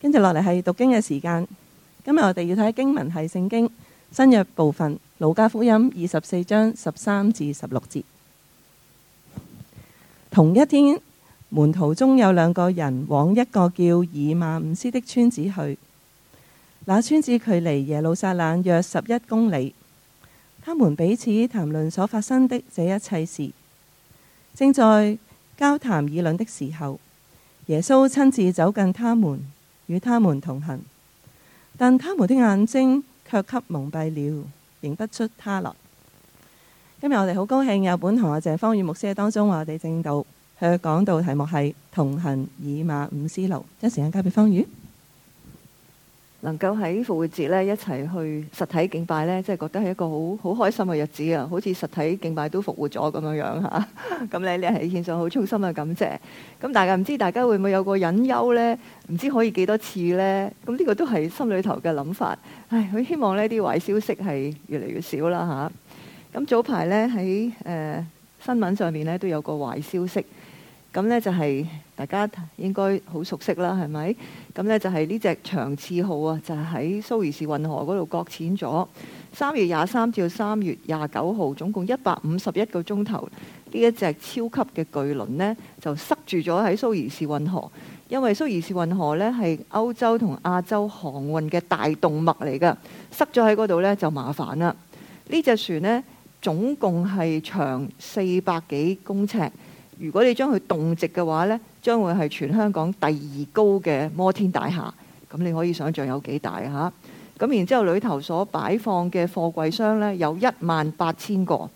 跟住落嚟係讀經嘅時間。今日我哋要睇經文係《聖經》新約部分《路加福音》二十四章十三至十六節。同一天，門徒中有兩個人往一個叫以馬五斯的村子去，那村子距離耶路撒冷約十一公里。他們彼此談論所發生的這一切事。正在交談議論的時候，耶穌親自走近他們。與他們同行，但他們的眼睛卻給蒙蔽了，認不出他來。今日我哋好高興有本堂嘅鄭方宇牧師喺當中，話我哋正道佢嘅講道，題目係《同行以馬五思路》。將時間交俾方宇。能夠喺復活節咧一齊去實體敬拜咧，即係覺得係一個好好開心嘅日子啊！好似實體敬拜都復活咗咁樣樣嚇，咁咧你係獻上好衷心嘅感謝。咁大家唔知大家會唔會有個隱憂呢？唔知可以幾多次呢？咁呢個都係心裏頭嘅諗法。唉，好希望呢啲壞消息係越嚟越少啦嚇。咁早排呢，喺誒、呃、新聞上面呢，都有個壞消息。咁呢就係大家應該好熟悉啦，係咪？咁呢就係呢隻長賜號啊，就喺蘇伊士運河嗰度擱淺咗。三月廿三至到三月廿九號，總共一百五十一個鐘頭，呢一隻超級嘅巨輪呢，就塞住咗喺蘇伊士運河。因為蘇伊士運河呢係歐洲同亞洲航運嘅大動脈嚟噶，塞咗喺嗰度呢，就麻煩啦。呢隻船呢，總共係長四百幾公尺。如果你將佢動植嘅話呢，將會係全香港第二高嘅摩天大廈，咁你可以想像有幾大嚇？咁然之後裏頭所擺放嘅貨櫃箱呢，有一萬八千個。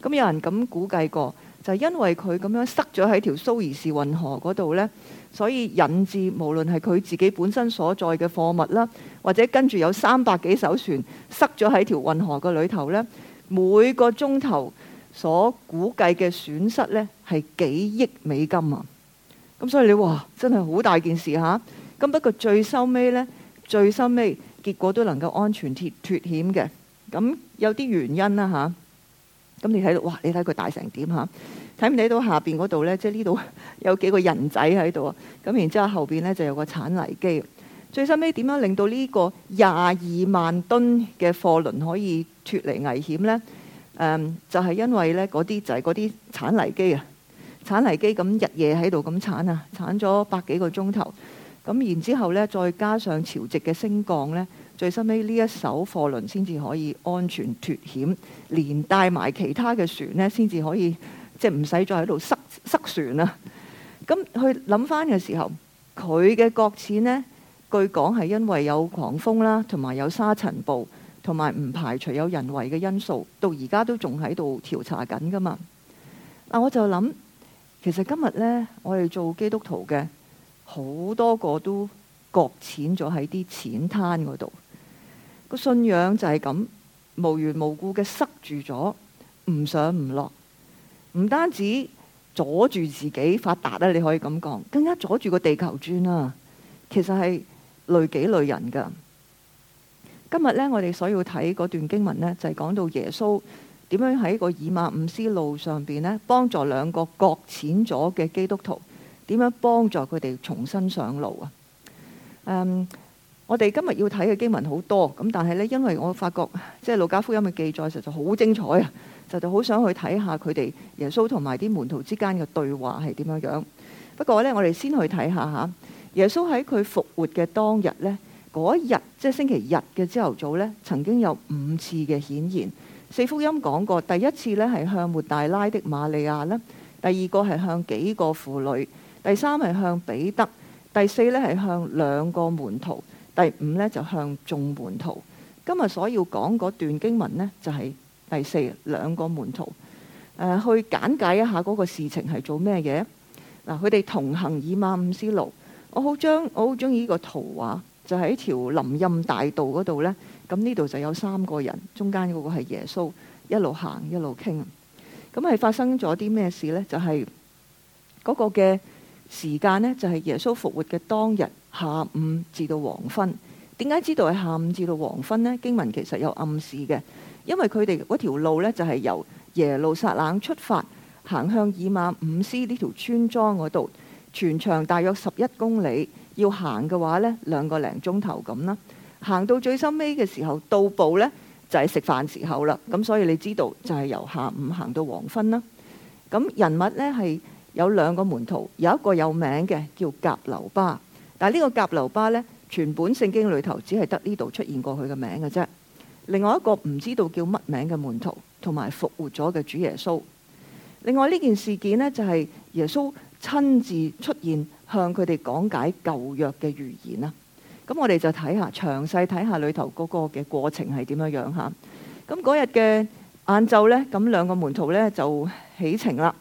咁有人咁估計過，就係、因為佢咁樣塞咗喺條蘇伊士運河嗰度呢，所以引致無論係佢自己本身所在嘅貨物啦，或者跟住有三百幾艘船塞咗喺條運河嘅裏頭呢，每個鐘頭，所估計嘅損失咧係幾億美金啊！咁所以你話真係好大件事吓。咁、啊、不過最收尾咧，最收尾結果都能夠安全脱脱險嘅。咁有啲原因啦吓，咁、啊、你睇到哇，你睇佢大成點吓，睇唔睇到下邊嗰度咧？即係呢度有幾個人仔喺度啊！咁然之後後邊咧就有個鏟泥機。最收尾點樣令到呢個廿二萬噸嘅貨輪可以脱離危險咧？誒、um, 就係因為咧嗰啲就係嗰啲鏟泥機啊，鏟泥機咁日夜喺度咁鏟啊，鏟咗百幾個鐘頭，咁然之後咧再加上潮汐嘅升降咧，最收尾呢一艘貨輪先至可以安全脱險，連帶埋其他嘅船呢，先至可以即係唔使再喺度塞塞船啦、啊。咁去諗翻嘅時候，佢嘅擱淺呢，據講係因為有狂風啦，同埋有，有沙塵暴。同埋唔排除有人為嘅因素，到而家都仲喺度調查緊噶嘛。嗱，我就諗，其實今日呢，我哋做基督徒嘅好多個都擱淺咗喺啲淺灘嗰度，個信仰就係咁無緣無故嘅塞住咗，唔上唔落，唔單止阻住自己發達咧、啊，你可以咁講，更加阻住個地球轉啦、啊。其實係累己累人噶。今日呢，我哋所要睇嗰段經文呢，就係、是、講到耶穌點樣喺個以馬忤斯路上面呢，幫助兩個擱淺咗嘅基督徒，點樣幫助佢哋重新上路啊？Um, 我哋今日要睇嘅經文好多，咁但係呢，因為我發覺即係、就是、路加福音嘅記載實在好精彩啊，實在好想去睇下佢哋耶穌同埋啲門徒之間嘅對話係點樣樣。不過呢，我哋先去睇下吓，耶穌喺佢復活嘅當日呢。嗰日即係、就是、星期日嘅朝頭早呢，曾經有五次嘅顯現。四福音講過，第一次呢係向抹大拉的馬利亞啦，第二個係向幾個婦女，第三係向彼得，第四呢係向兩個門徒，第五呢就向眾門徒。今日所要講嗰段經文呢，就係、是、第四兩個門徒。誒、呃，去簡介一下嗰個事情係做咩嘅。嗱，呃，佢哋同行以馬忤斯路，我好將我好中意呢個圖畫。就喺條林蔭大道嗰度呢，咁呢度就有三個人，中間嗰個係耶穌，一路行一路傾。咁係發生咗啲咩事呢？就係、是、嗰個嘅時間呢，就係、是、耶穌復活嘅當日下午至到黃昏。點解知道係下午至到黃昏呢？經文其實有暗示嘅，因為佢哋嗰條路呢，就係、是、由耶路撒冷出發，行向以馬忤斯呢條村莊嗰度，全長大約十一公里。要行嘅話呢，兩個零鐘頭咁啦，行到最收尾嘅時候，到步呢，就係食飯時候啦。咁所以你知道，就係由下午行到黃昏啦。咁人物呢，係有兩個門徒，有一個有名嘅叫甲流巴，但呢個甲流巴呢，全本聖經裏頭只係得呢度出現過佢嘅名嘅啫。另外一個唔知道叫乜名嘅門徒，同埋復活咗嘅主耶穌。另外呢件事件呢，就係耶穌親自出現。向佢哋講解舊約嘅預言啊。咁我哋就睇下，詳細睇下裏頭嗰個嘅過程係點樣樣嚇。咁嗰日嘅晏晝咧，咁兩個門徒咧就起程啦。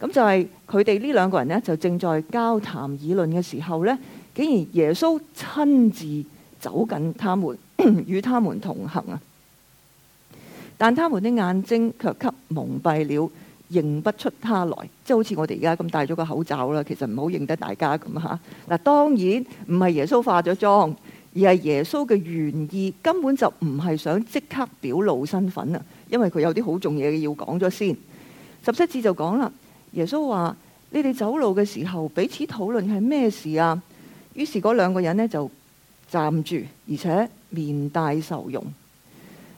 咁就係佢哋呢兩個人呢，就正在交談議論嘅時候咧，竟然耶穌親自走近他們，與他們同行啊。但他們的眼睛卻給蒙蔽了。認不出他來，即係好似我哋而家咁戴咗個口罩啦。其實唔好認得大家咁啊！嗱，當然唔係耶穌化咗妝，而係耶穌嘅原意根本就唔係想即刻表露身份啊！因為佢有啲好重嘢要講咗先說。十七節就講啦，耶穌話：你哋走路嘅時候彼此討論係咩事啊？於是嗰兩個人呢就站住，而且面帶愁容。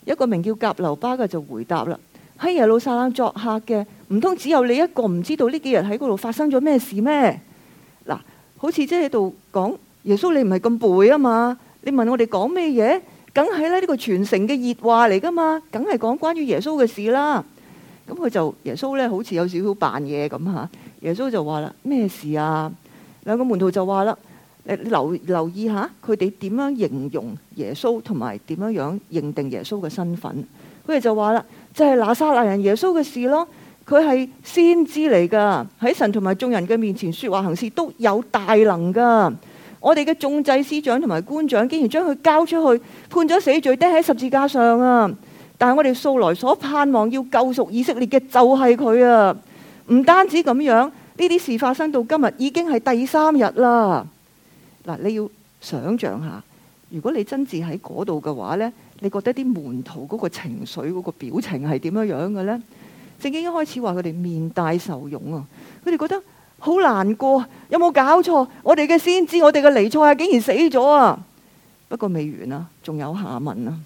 一個名叫甲流巴嘅就回答啦。喺耶路撒冷作客嘅，唔通只有你一個唔知道呢幾日喺嗰度發生咗咩事咩？嗱，好似即係喺度講耶穌，你唔係咁背啊嘛？你問我哋講咩嘢，梗係咧，呢個全城嘅熱話嚟噶嘛？梗係講關於耶穌嘅事啦。咁佢就耶穌咧，好似有少少扮嘢咁吓。耶穌就話啦，咩事啊？兩個門徒就話啦，你留留意一下佢哋點樣形容耶穌，同埋點樣樣認定耶穌嘅身份。佢哋就話啦。就係拿撒勒人耶穌嘅事咯，佢係先知嚟噶，喺神同埋眾人嘅面前説話行事都有大能噶。我哋嘅眾祭司長同埋官長竟然將佢交出去判咗死罪，釘喺十字架上啊！但係我哋素來所盼望要救贖以色列嘅就係佢啊！唔單止咁樣，呢啲事發生到今日已經係第三日啦。嗱，你要想象一下，如果你真字喺嗰度嘅話呢。你覺得啲門徒嗰個情緒、嗰、嗰個表情係點樣樣嘅呢？正經一開始話佢哋面帶愁容啊，佢哋覺得好難過。有冇搞錯？我哋嘅先知、我哋嘅尼賽啊，竟然死咗啊！不過未完啊，仲有下文啊。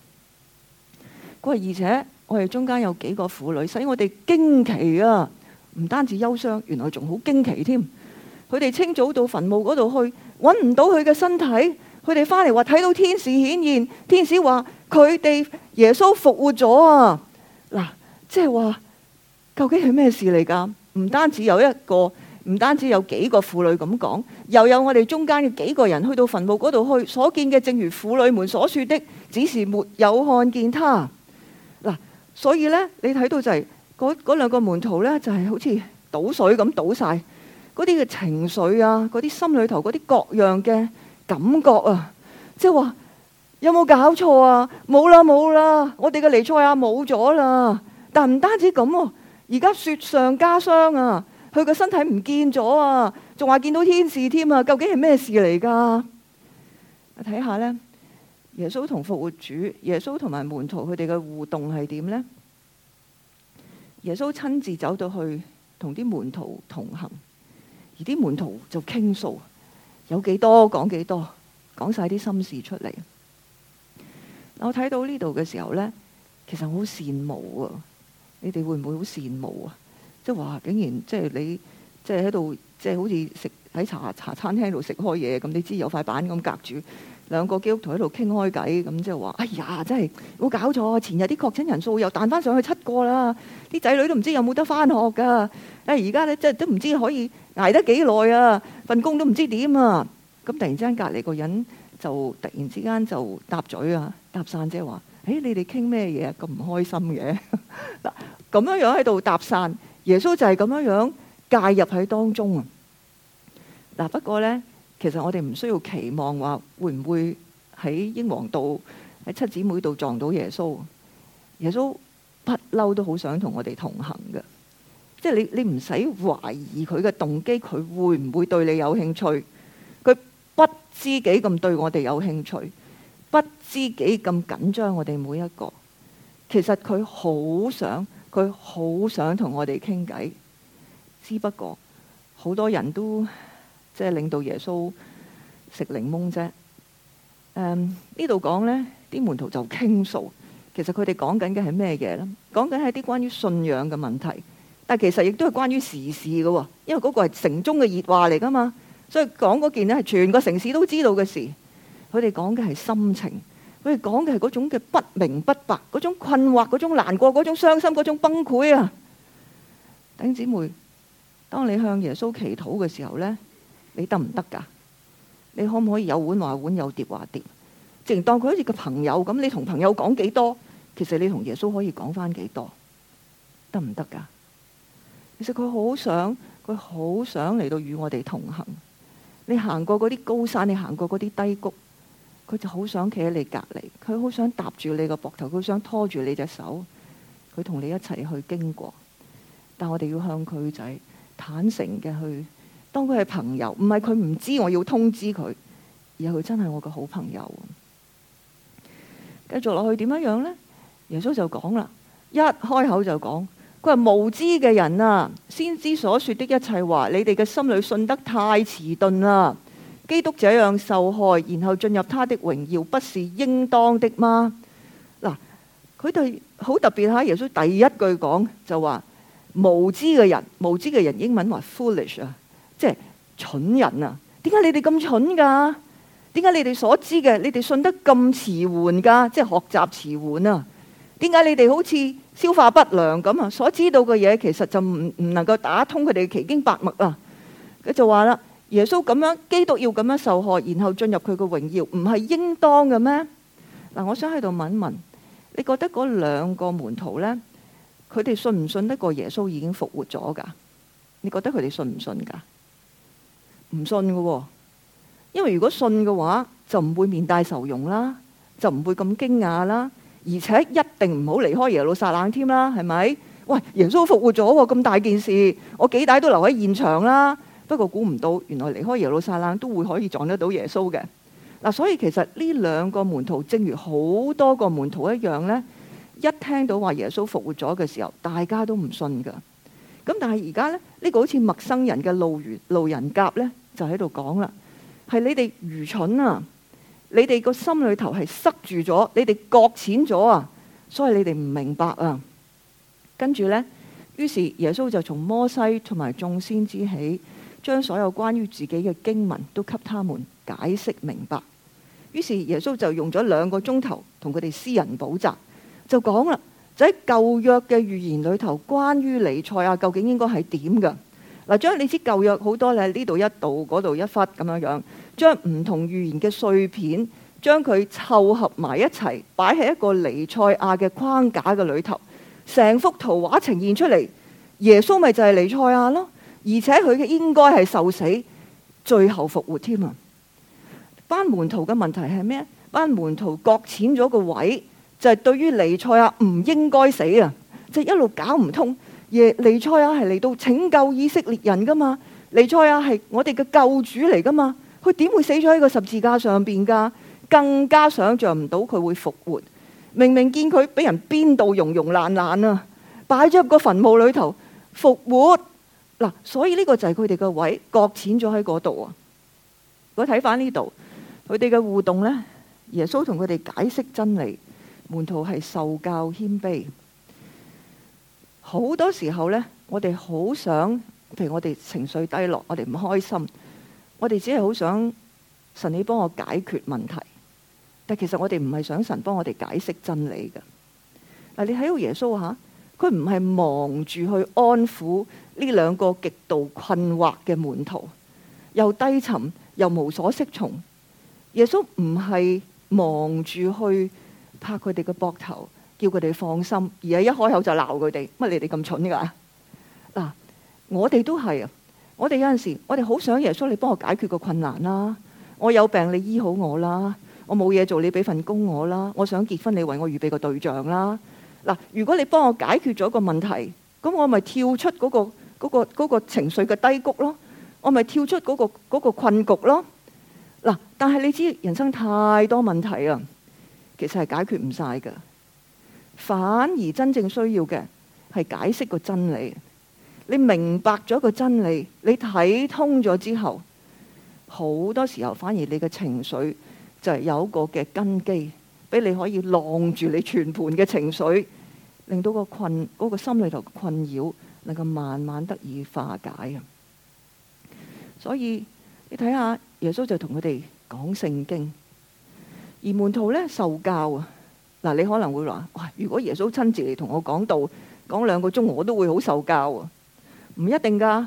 佢話，而且我哋中間有幾個婦女使我哋驚奇啊，唔單止憂傷，原來仲好驚奇添、啊。佢哋清早到墳墓嗰度去，揾唔到佢嘅身體。佢哋翻嚟話睇到天使顯現，天使話佢哋耶穌復活咗啊！嗱、就是，即係話究竟係咩事嚟㗎？唔單止有一個，唔單止有幾個婦女咁講，又有我哋中間嘅幾個人去到墳墓嗰度去所見嘅，正如婦女們所說的，只是沒有看見他。嗱，所以呢，你睇到就係嗰嗰兩個門徒呢，就係好似倒水咁倒晒，嗰啲嘅情緒啊，嗰啲心裡頭嗰啲各樣嘅。感覺啊，即係話有冇搞錯啊？冇啦冇啦，我哋嘅彌賽亞冇咗啦。但唔單止咁哦、啊，而家雪上加霜啊，佢個身體唔見咗啊，仲話見到天使添啊？究竟係咩事嚟噶？睇下呢，耶穌同復活主，耶穌同埋門徒佢哋嘅互動係點呢？耶穌親自走到去同啲門徒同行，而啲門徒就傾訴。有幾多講幾多，講晒啲心事出嚟。我睇到呢度嘅時候呢，其實好羨慕啊！你哋會唔會好羨慕啊？即係話竟然即係、即係、你即係喺度即係好似食喺茶茶餐廳度食開嘢，咁你知有塊板咁隔住兩個基督徒喺度傾開偈咁即係話：哎呀，真係冇搞錯！前日啲確診人數又彈翻上去七個啦，啲仔女都唔知有冇得翻學㗎。誒而家咧，即係都唔知可以挨得幾耐啊？份工都唔知點啊！咁突然之間，隔籬個人就突然之間就搭嘴啊，搭訕即係話，誒，你哋傾咩嘢啊？咁唔開心嘅嗱，咁樣樣喺度搭訕，耶穌就係咁樣樣介入喺當中啊！嗱，不過咧，其實我哋唔需要期望話會唔會喺英皇度喺七姊妹度撞到耶穌，耶穌不嬲都好想同我哋同行嘅。即係你，你唔使懷疑佢嘅動機，佢會唔會對你有興趣？佢不知幾咁對我哋有興趣，不知幾咁緊張我哋每一個。其實佢好想，佢好想同我哋傾偈，只不過好多人都即係令到耶穌食檸檬啫。嗯，呢度講呢啲門徒就傾訴，其實佢哋講緊嘅係咩嘢呢？講緊係啲關於信仰嘅問題。但其實亦都係關於時事嘅喎，因為嗰個係城中嘅熱話嚟㗎嘛，所以講嗰件呢係全個城市都知道嘅事。佢哋講嘅係心情，佢哋講嘅係嗰種嘅不明不白、嗰種困惑、嗰種難過、嗰種傷心、嗰種崩潰啊！弟兄姊妹，當你向耶穌祈禱嘅時候呢，你得唔得㗎？你可唔可以有碗話碗有碟話碟？直情當佢好似個朋友咁，你同朋友講幾多，其實你同耶穌可以講返幾多？得唔得㗎？其實佢好想，佢好想嚟到與我哋同行。你行過嗰啲高山，你行過嗰啲低谷，佢就好想企喺你隔離，佢好想搭住你個膊頭，佢好想拖住你隻手，佢同你一齊去經過。但我哋要向佢仔坦誠嘅去當佢係朋友，唔係佢唔知我要通知佢，而係佢真係我個好朋友。繼續落去點樣樣呢？耶穌就講啦，一開口就講。佢話，無知嘅人啊，先知所說的一切話，你哋嘅心裏信得太遲鈍啦！基督這樣受害，然後進入他的榮耀，不是應當的嗎？嗱、啊，佢哋好特別嚇，耶穌第一句講就話無知嘅人，無知嘅人英文話 foolish 啊，即係蠢人啊！點解你哋咁蠢噶、啊？點解你哋所知嘅，你哋信得咁遲緩噶？即、就、係、是、學習遲緩啊！點解你哋好似消化不良咁啊？所知道嘅嘢，其實就唔唔能夠打通佢哋嘅奇經百脈啦！佢就話啦：耶穌咁樣，基督要咁樣受害，然後進入佢嘅榮耀，唔係應當嘅咩？嗱，我想喺度問一問，你覺得嗰兩個門徒呢？佢哋信唔信得過耶穌已經復活咗噶？你覺得佢哋信唔信噶？唔信嘅，哦，因為如果信嘅話，就唔會面帶愁容啦，就唔會咁驚訝啦。而且一定唔好離開耶路撒冷添啦，係咪？喂，耶穌復活咗喎，咁大件事，我幾大都留喺現場啦。不過估唔到，原來離開耶路撒冷都會可以撞得到耶穌嘅。嗱，所以其實呢兩個門徒，正如好多個門徒一樣呢，一聽到話耶穌復活咗嘅時候，大家都唔信㗎。咁但係而家呢，呢、呢個好似陌生人嘅路路人甲呢，就喺度講啦，係你哋愚蠢啊！你哋個心裏頭係塞住咗，你哋擱淺咗啊，所以你哋唔明白啊。跟住呢，於是耶穌就從摩西同埋眾先知起，將所有關於自己嘅經文都給他們解釋明白。於是耶穌就用咗兩個鐘頭同佢哋私人補習，就講啦，就喺舊約嘅預言裏頭，關於彌賽亞，啊、究竟應該係點噶嗱？你知舊約好多係呢度一度，嗰度一忽咁樣樣。將唔同預言嘅碎片，將佢湊合埋一齊，擺喺一個尼賽亞嘅框架嘅裏頭，成幅圖畫呈現出嚟，耶穌咪就係尼賽亞咯，而且佢嘅應該係受死，最後復活添啊！班門徒嘅問題係咩？班門徒擱淺咗個位，就係對於尼賽亞唔應該死啊！即係一路搞唔通，耶尼賽亞係嚟到拯救以色列人噶嘛？尼賽亞係我哋嘅救主嚟噶嘛？佢點會死咗喺個十字架上邊噶？更加想像唔到佢會復活。明明見佢俾人邊度溶溶爛爛啊！擺咗入個墳墓裏頭復活嗱，所以呢個就係佢哋嘅位擱淺咗喺嗰度啊！我睇翻呢度，佢哋嘅互動呢，耶穌同佢哋解釋真理，門徒係受教謙卑。好多時候呢，我哋好想，譬如我哋情緒低落，我哋唔開心。我哋只係好想神，你幫我解決問題，但其實我哋唔係想神幫我哋解釋真理㗎。嗱，你睇到耶穌吓，佢唔係忙住去安撫呢兩個極度困惑嘅門徒，又低沉又無所適從。耶穌唔係忙住去拍佢哋嘅膊頭，叫佢哋放心，而係一開口就鬧佢哋，乜你哋咁蠢噶？嗱，我哋都係啊。我哋有陣時，我哋好想耶穌，你幫我解決個困難啦！我有病，你醫好我啦！我冇嘢做，你俾份工我啦！我想結婚，你為我預備個對象啦！嗱，如果你幫我解決咗個問題，咁我咪跳出嗰個嗰個嗰個嗰個嗰個情緒嘅低谷咯，我咪跳出嗰個嗰個嗰個困局咯。嗱，但係你知人生太多問題呀，其實係解決唔晒㗎，反而真正需要嘅係解釋個真理。你明白咗個真理，你睇通咗之後，好多時候反而你嘅情緒就係有個嘅根基，俾你可以晾住你全盤嘅情緒，令到個困嗰個心裏頭嘅困擾能夠慢慢得以化解啊！所以你睇下耶穌就同佢哋講聖經，而門徒呢受教啊。嗱，你可能會話：哇！如果耶穌親自嚟同我講道，講兩個鐘，我都會好受教啊！唔一定噶，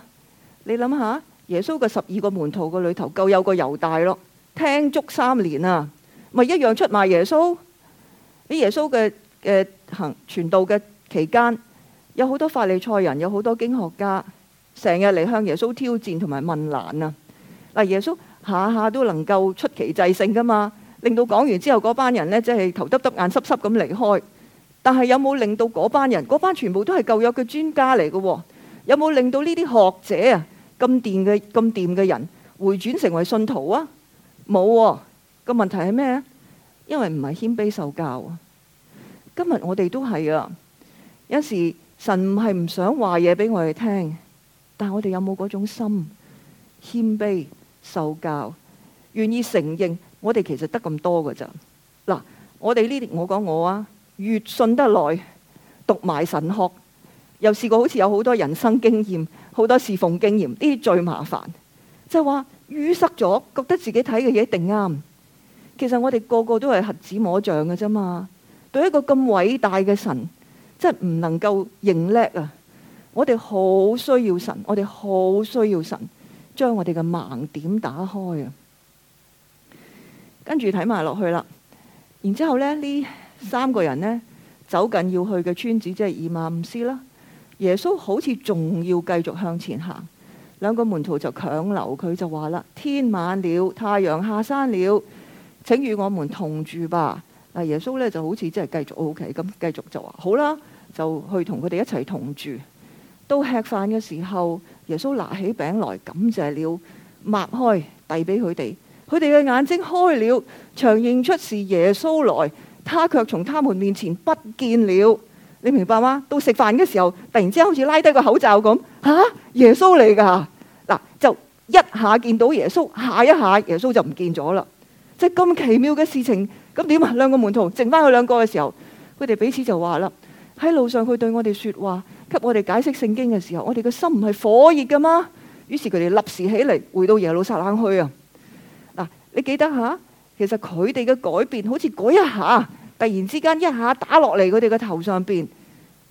你諗下，耶穌嘅十二個門徒嘅裏頭，夠有個猶大咯，聽足三年啊，咪一樣出賣耶穌。喺耶穌嘅行傳道嘅期間，有好多法利賽人，有好多經學家，成日嚟向耶穌挑戰同埋問難啊。嗱，耶穌下下都能夠出奇制勝噶嘛，令到講完之後嗰班人呢，即係頭耷耷眼濕濕咁離開。但係有冇令到嗰班人嗰班全部都係舊約嘅專家嚟嘅，啊？有冇令到呢啲學者啊，咁掂嘅、咁掂嘅人回轉成為信徒啊？冇個問題係咩？因為唔係謙卑受教啊！今日我哋都係啊！有時神係唔想話嘢俾我哋聽，但係我哋有冇嗰種心謙卑受教，願意承認我哋其實得咁多嘅咋？嗱，我哋呢啲我講我啊，越信得耐，讀埋神學。又試過好似有好多人生經驗，好多侍奉經驗。呢啲最麻煩就係話淤塞咗，覺得自己睇嘅嘢一定啱。其實我哋個個都係瞎子摸象嘅啫嘛。對一個咁偉大嘅神，真係唔能夠認叻啊！我哋好需要神，我哋好需要神將我哋嘅盲點打開啊。跟住睇埋落去啦，然之後咧，呢三個人呢，走緊要去嘅村子，即係以馬忤斯啦。耶穌好似仲要繼續向前行，兩個門徒就強留佢，就話啦：天晚了，太陽下山了，請與我們同住吧。耶穌呢，就好似真係繼續 OK 咁，繼續就話好啦，就去同佢哋一齊同住。到吃飯嘅時候，耶穌拿起餅來，感謝了，擘開遞俾佢哋，佢哋嘅眼睛開了，長認出是耶穌來，他卻從他們面前不見了。你明白嗎？到食飯嘅時候，突然之間好似拉低個口罩咁，吓、啊！耶穌嚟噶，嗱就一下見到耶穌，下一下耶穌就唔見咗啦。即係咁奇妙嘅事情，咁點啊？兩個門徒剩翻佢兩個嘅時候，佢哋彼此就話啦：「喺路上佢對我哋說話，給我哋解釋聖經嘅時候，我哋嘅心唔係火熱噶嘛。」於是佢哋立時起嚟，回到耶路撒冷去啊！嗱，你記得吓？其實佢哋嘅改變，好似嗰一下，突然之間一下打落嚟佢哋嘅頭上邊。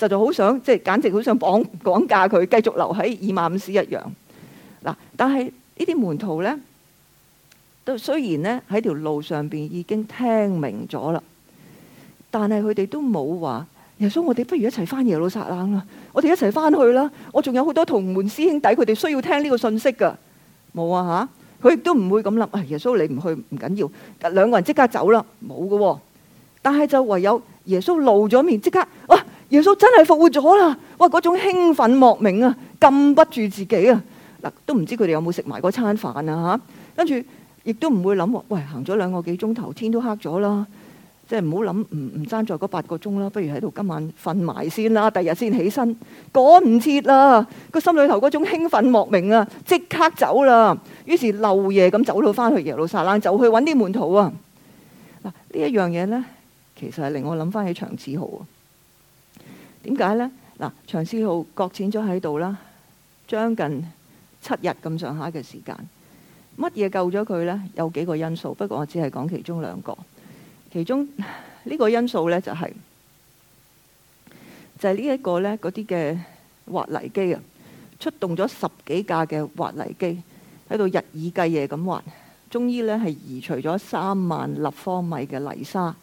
就就好想，即係簡直好想綁綁架佢，繼續留喺二萬五斯一樣。嗱，但係呢啲門徒咧，都雖然咧喺條路上邊已經聽明咗啦，但係佢哋都冇話耶穌，我哋不如一齊翻耶路撒冷啦，我哋一齊翻去啦。我仲有好多同門師兄弟佢哋需要聽呢個信息噶，冇啊吓，佢亦都唔會咁諗。啊，耶穌你唔去唔緊要，兩個人即刻走啦，冇噶。但係就唯有耶穌露咗面，即刻哇！耶穌真係復活咗啦！哇，嗰種興奮莫名啊，禁不住自己啊。嗱，都唔知佢哋有冇食埋嗰餐飯啊？吓，跟住亦都唔會諗話喂，行咗兩個幾鐘頭，天都黑咗啦，即係唔好諗唔唔爭在嗰八個鐘啦，不如喺度今晚瞓埋先啦，第日先起身趕唔切啦。個心裏頭嗰種興奮莫名啊，即刻走啦。於是漏夜咁走到翻去耶路撒冷，走去搵啲門徒啊。嗱，呢一樣嘢咧，其實係令我諗翻起長子號。點解呢？嗱，長賜號擱淺咗喺度啦，將近七日咁上下嘅時間，乜嘢救咗佢呢？有幾個因素，不過我只係講其中兩個。其中呢、呢個因素呢，就係、係、就係呢一個呢嗰啲嘅挖泥機啊，出動咗十幾架嘅挖泥機喺度日以繼夜咁挖，終於呢係移除咗三萬立方米嘅泥沙。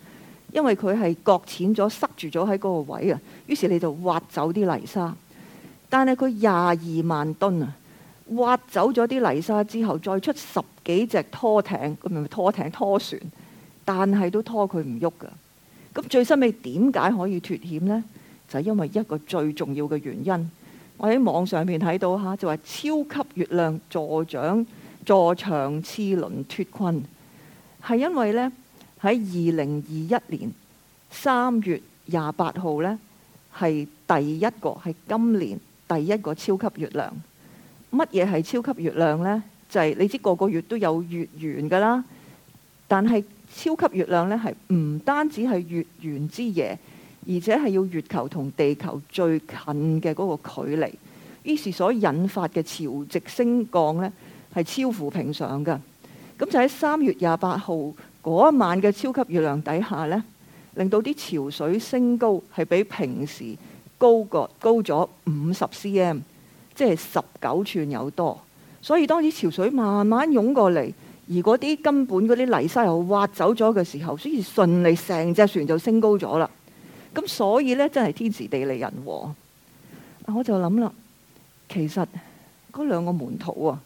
因為佢係擱淺咗，塞住咗喺嗰個位啊，於是你就挖走啲泥沙，但係佢廿二萬噸啊，挖走咗啲泥沙之後，再出十幾隻拖艇，咁咪拖艇拖船，但係都拖佢唔喐噶。咁最新尾點解可以脱險呢？就係、是、因為一個最重要嘅原因。我喺網上面睇到嚇、啊，就話、是、超級月亮助長助長齒輪脱困，係因為呢。喺二零二一年三月廿八號呢，係第一個，係今年第一個超級月亮。乜嘢係超級月亮呢？就係、是、你知個個月都有月圓噶啦，但係超級月亮呢，係唔單止係月圓之夜，而且係要月球同地球最近嘅嗰個距離，於是所引發嘅潮汐升降呢，係超乎平常噶，咁就喺三月廿八號。嗰一晚嘅超級月亮底下呢，令到啲潮水升高係比平時高過高咗五十 cm，即係十九寸有多。所以當啲潮水慢慢湧過嚟，而嗰啲根本嗰啲泥沙又挖走咗嘅時候，所以順利成隻船就升高咗啦。咁所以呢，真係天時地利人和。我就諗啦，其實嗰兩個門徒啊，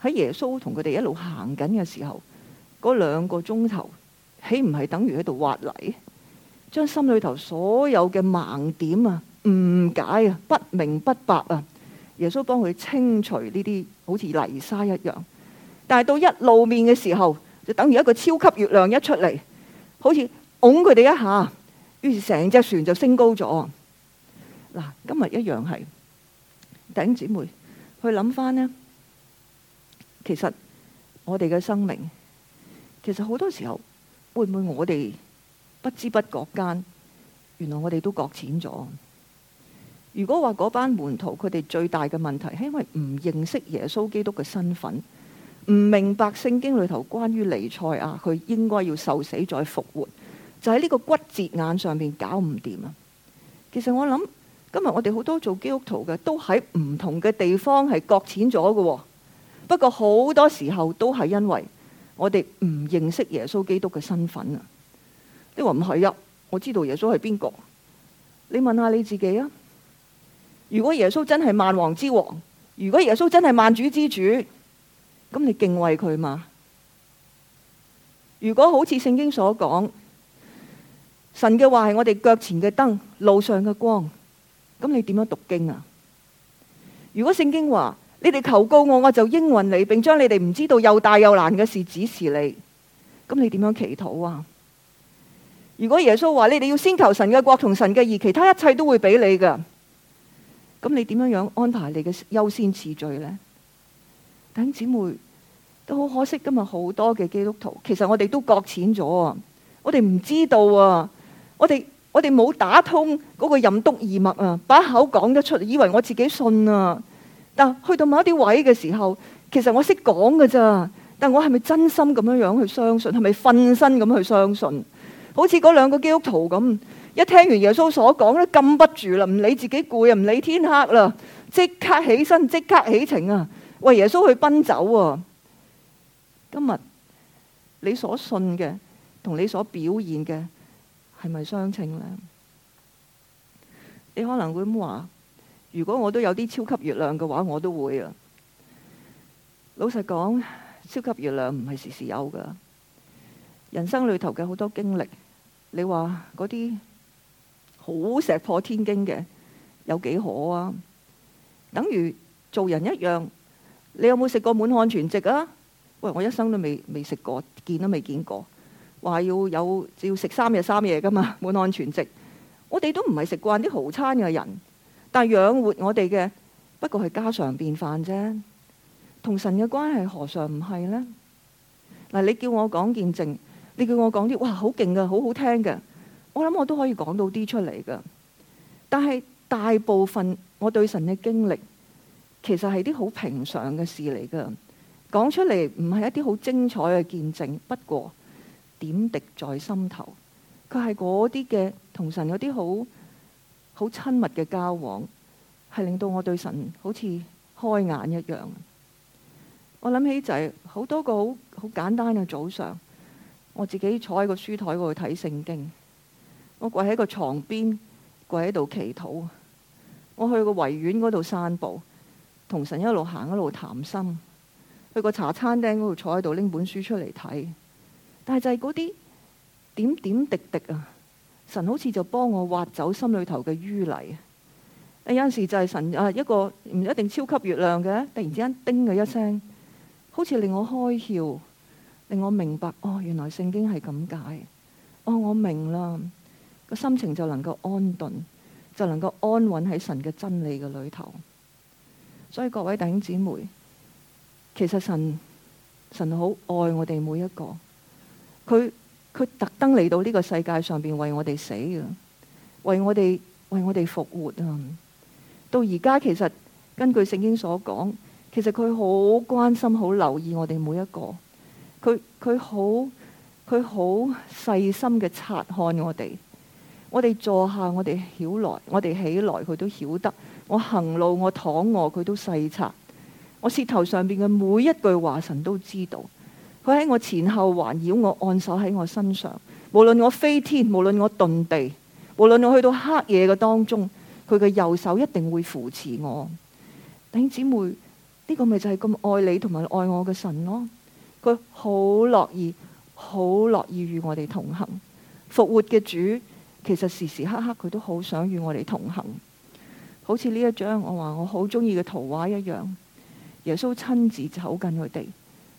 喺耶穌同佢哋一路行緊嘅時候。嗰兩個鐘頭，豈唔係等於喺度挖泥？將心裏頭所有嘅盲點啊、誤解啊、不明不白啊，耶穌幫佢清除呢啲，好似泥沙一樣。但係到一露面嘅時候，就等於一個超級月亮一出嚟，好似拱佢哋一下，於是成隻船就升高咗。嗱，今日一樣係弟兄姊妹去諗翻咧，其實我哋嘅生命。其實好多時候會唔會我哋不知不覺間，原來我哋都擱淺咗。如果話嗰班門徒佢哋最大嘅問題係因為唔認識耶穌基督嘅身份，唔明白聖經裏頭關於彌賽亞佢應該要受死再復活，就喺呢個骨折眼上面搞唔掂啊！其實我諗今日我哋好多做基督徒嘅都喺唔同嘅地方係擱淺咗嘅，不過好多時候都係因為。我哋唔認識耶穌基督嘅身份啊！你話唔係啊？我知道耶穌係邊個？你問下你自己啊！如果耶穌真係萬王之王，如果耶穌真係萬主之主，咁你敬畏佢嘛？如果好似聖經所講，神嘅話係我哋腳前嘅燈，路上嘅光，咁你點樣讀經啊？如果聖經話，你哋求告我，我就應允你，並將你哋唔知道又大又難嘅事指示你。咁你點樣祈禱啊？如果耶穌話你哋要先求神嘅國同神嘅義，其他一切都會俾你噶。咁你點樣安排你嘅優先次序呢？等姊妹都好可惜，今日好多嘅基督徒，其實我哋都擱淺咗啊！我哋唔知道啊！我哋我哋冇打通嗰個任督二脈啊！把口講得出，以為我自己信啊！但去到某一啲位嘅時候，其實我識講㗎咋，但我係咪真心咁樣樣去相信，係咪瞓身咁去相信？好似嗰兩個基督徒咁，一聽完耶穌所講咧，禁不住啦，唔理自己攰啊唔理天黑啦，即刻起身，即刻起程啊，為耶穌去奔走啊！今日你所信嘅同你所表現嘅係咪相稱咧？你可能會咁話。如果我都有啲超級月亮嘅話，我都會啊！老實講，超級月亮唔係時時有㗎。人生裏頭嘅好多經歷，你話嗰啲好石破天驚嘅有幾可啊？等於做人一樣，你有冇食過滿漢全席啊？喂，我一生都未未食過，見都未見過。話要有要食三日三夜㗎嘛，滿漢全席。我哋都唔係食慣啲豪餐嘅人。但係養活我哋嘅不過係家常便飯啫，同神嘅關係何嘗唔係呢？嗱，你叫我講見證，你叫我講啲哇好勁嘅，好好聽嘅，我諗我都可以講到啲出嚟噶。但係大部分我對神嘅經歷，其實係啲好平常嘅事嚟噶，講出嚟唔係一啲好精彩嘅見證。不過點滴在心頭，佢係嗰啲嘅同神有啲好。好親密嘅交往，係令到我對神好似開眼一樣。我諗起就係、是、好多個好好簡單嘅早上，我自己坐喺個書台嗰度睇聖經，我跪喺個床邊跪喺度祈禱，我去個維園嗰度散步，同神一路行一路談心，去個茶餐廳嗰度坐喺度拎本書出嚟睇，但係就係嗰啲點點滴滴啊。神好似就幫我挖走心裏頭嘅淤泥，有陣時就係神啊，一個唔一定超級月亮嘅，突然之間叮嘅一聲，好似令我開竅，令我明白哦，原來聖經係咁解，哦，我明啦，個心情就能夠安頓，就能夠安穩喺神嘅真理嘅裏頭。所以各位弟兄姊妹，其實神神好愛我哋每一個，佢。佢特登嚟到呢個世界上邊，為我哋死嘅，為我哋為我哋復活啊！到而家其實根據聖經所講，其實佢好關心、好留意我哋每一個。佢佢好佢好細心嘅察看我哋。我哋坐下，我哋曉來，我哋起來，佢都曉得。我行路，我躺臥，佢都細察。我舌頭上邊嘅每一句話，神都知道。佢喺我前後環繞我，按手喺我身上。無論我飛天，無論我遁地，無論我去到黑夜嘅當中，佢嘅右手一定會扶持我。弟兄姊妹，呢個咪就係咁愛你同埋愛我嘅神咯？佢好樂意，好樂意與我哋同行。復活嘅主，其實時時刻刻佢都好想與我哋同行。好似呢一張我話我好中意嘅圖畫一樣，耶穌親自走近佢哋。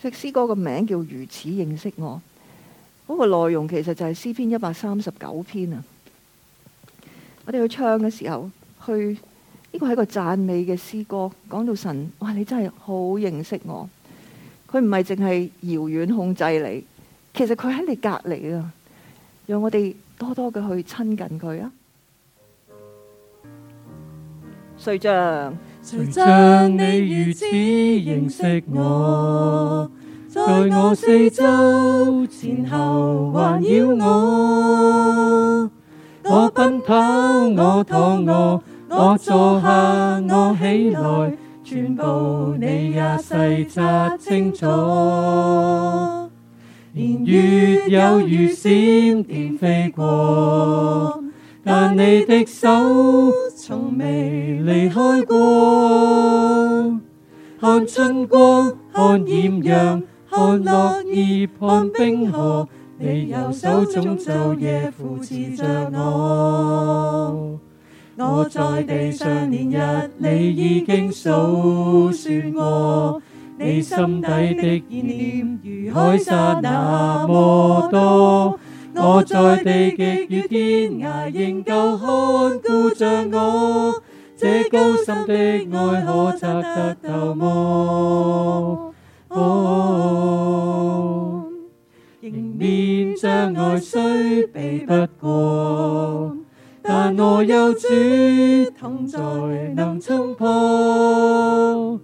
食詩歌個名叫如此認識我，嗰個內容其實就係詩篇一百三十九篇啊。我哋去唱嘅時候，去呢個係一個讚美嘅詩歌，講到神，哇！你真係好認識我，佢唔係淨係遙遠控制你，其實佢喺你隔籬啊，讓我哋多多嘅去親近佢啊。睡着。誰像你如此認識我？在我四周前後環繞我，我奔跑，我躺臥，我坐下，我起來，全部你也細察清楚。年月有如閃電飛過，但你的手。從未離開過，看春光，看艷陽，看落葉，看冰河。你右手中晝夜扶持着我，我在地上年日，你已經數算過。你心底的意念，如海沙那麼多。我在地極與天涯，仍舊看顧着我。這高深的愛可摘得透嗎？迎、oh, oh, oh, oh、面障礙雖避不過，但我有主同在，能衝破。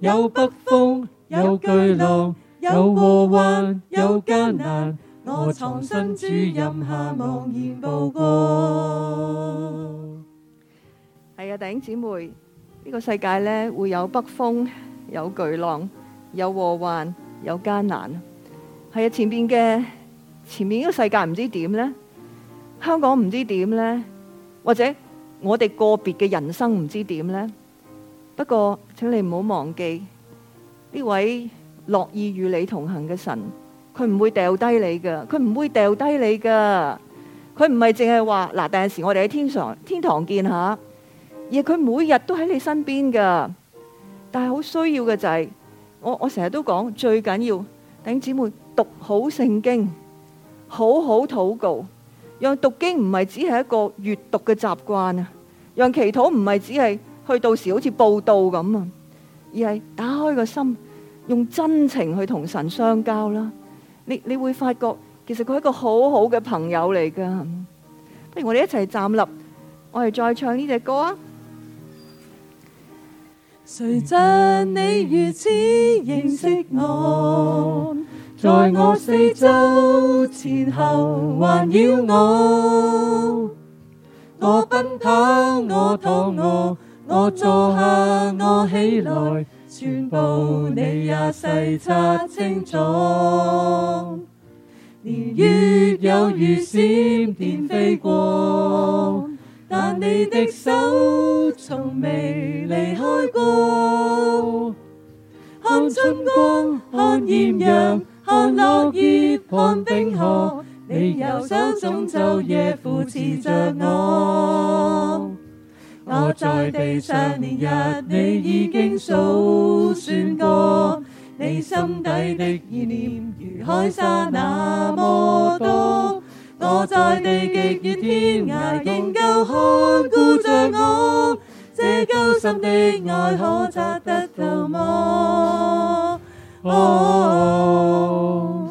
有北風，有巨浪，有禍患，有艱難。我藏身之任下茫然步過，係啊，弟兄姊妹，呢個世界呢，會有北風，有巨浪，有禍患，有艱難。係啊，前邊嘅前面呢個世界唔知點呢？香港唔知點呢？或者我哋個別嘅人生唔知點呢？不過，請你唔好忘記呢位樂意與你同行嘅神。佢唔會掉低你嘅，佢唔會掉低你嘅。佢唔係淨係話嗱，第時我哋喺天上天堂見下，而佢每日都喺你身邊嘅。但係好需要嘅就係我我成日都講最緊要，弟姊妹讀好聖經，好好禱告，讓讀經唔係只係一個閲讀嘅習慣啊，讓祈禱唔係只係去到時好似報道咁啊，而係打開個心，用真情去同神相交啦。你你會發覺其實佢係一個好好嘅朋友嚟㗎，不如我哋一齊站立，我哋再唱呢隻歌啊！誰像你如此認識我，在我四周前後環繞我，我奔跑，我躺臥，我坐下，我起來。全部你也細察清楚，年月有如閃電飛過，但你的手從未離開過。看春光，看艷陽，看落葉，看冰河，你右手中晝夜扶持着我、啊。我在地上年日，你已經數算過，你心底的意念如海沙那麼多。我在地極遠天涯，仍舊看顧着我，這揪心的愛可扎得透麼？我、哦、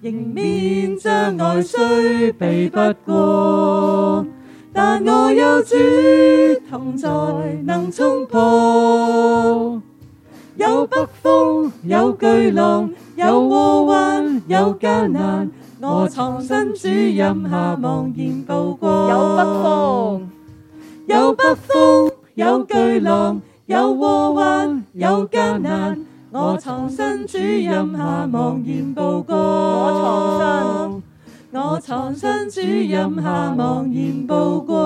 迎、哦、面障礙雖避不過。但我有主同在，能衝破。有北風，有巨浪，有禍患，有艱難。我藏身主蔭下，茫然度過。有北風，有北風，有巨浪，有禍患，有艱難。我藏身主蔭下，茫然度過。我藏身。我藏身主蔭下，茫然曝光。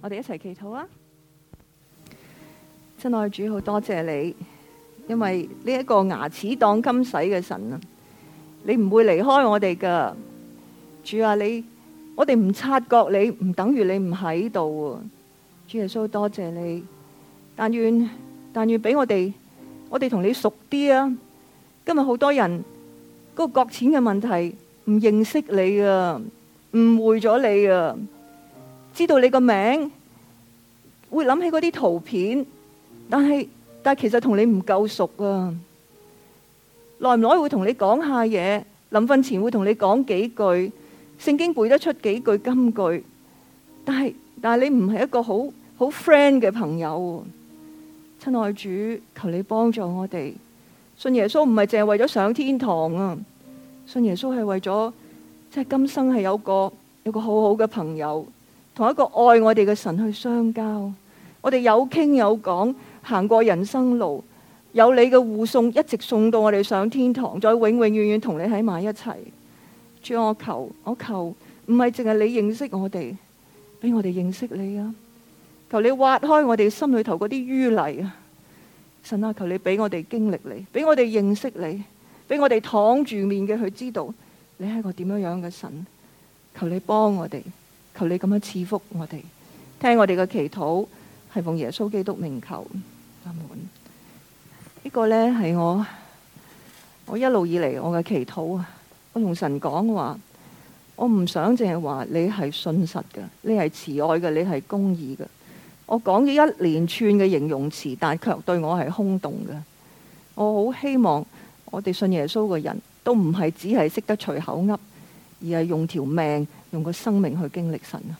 我哋一齊祈禱啊！親愛主，好多謝你，因為呢一個牙齒當金使嘅神啊，你唔會離開我哋噶。主啊，你我哋唔察覺你，唔等於你唔喺度。主耶穌，多謝你。但願但願俾我哋，我哋同你熟啲啊！今日好多人。嗰、那個擱淺嘅問題，唔認識你啊，誤會咗你啊，知道你個名，會諗起嗰啲圖片，但係但係其實同你唔夠熟啊，耐唔耐會同你講下嘢，臨瞓前會同你講幾句，聖經背得出幾句金句，但係但係你唔係一個好好 friend 嘅朋友，親愛主，求你幫助我哋。信耶穌唔係淨係為咗上天堂啊！信耶穌係為咗，即係今生係有個有個好好嘅朋友，同一個愛我哋嘅神去相交。我哋有傾有講，行過人生路，有你嘅護送，一直送到我哋上天堂，再永永遠遠同你喺埋一齊。主，我求，我求，唔係淨係你認識我哋，俾我哋認識你啊！求你挖開我哋心裏頭嗰啲淤泥啊！神啊，求你俾我哋經歷你，俾我哋認識你，俾我哋躺住面嘅去知道你係個點樣樣嘅神。求你幫我哋，求你咁樣賜福我哋，聽我哋嘅祈禱係奉耶穌基督名求。阿門。呢個呢係我我一路以嚟我嘅祈禱啊，我同神講話，我唔想淨係話你係信實嘅，你係慈愛嘅，你係公義嘅。我講咗一連串嘅形容詞，但卻對我係空洞嘅。我好希望我哋信耶穌嘅人都唔係只係識得隨口噏，而係用條命、用個生命去經歷神啊！